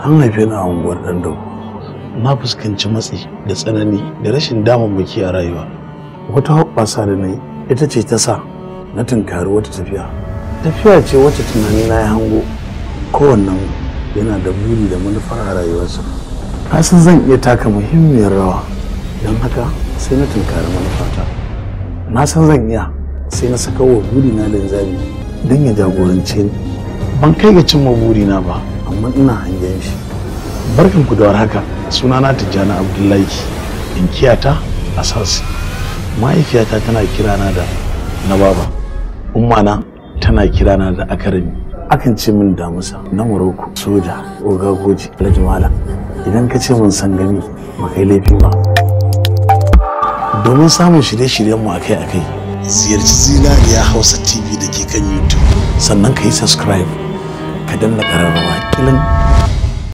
an haife ni a unguwar ɗandau na fuskanci matsi da tsanani da rashin damammaki a rayuwa wata hoɓɓasa da na yi ita ce ta sa na tunkari wata tafiya tafiya ce wata tunani na ya hango kowannen yana da buri da manufa a rayuwarsa na san zan iya taka muhimmiyar rawa don haka sai na tunkari manufata na san zan iya sai na saka wa buri burina linzami don ya jagorance ni ban kai ga cimma na ba amma ina hangen shi barkan ku da warhaka sunana tijjani abdullahi inkiyata asas mahaifiyata tana kirana da na baba na tana kirana da akarami akan ce min damusa na Maroko. soja ogagoji alhaji idan ka ce min sangami ba kai laifi ba domin samun shirye shiryen mu akai-akai ziyarci ya hausa tv da ke kan youtube sannan ka yi subscribe ka danna ƙararrawa kilin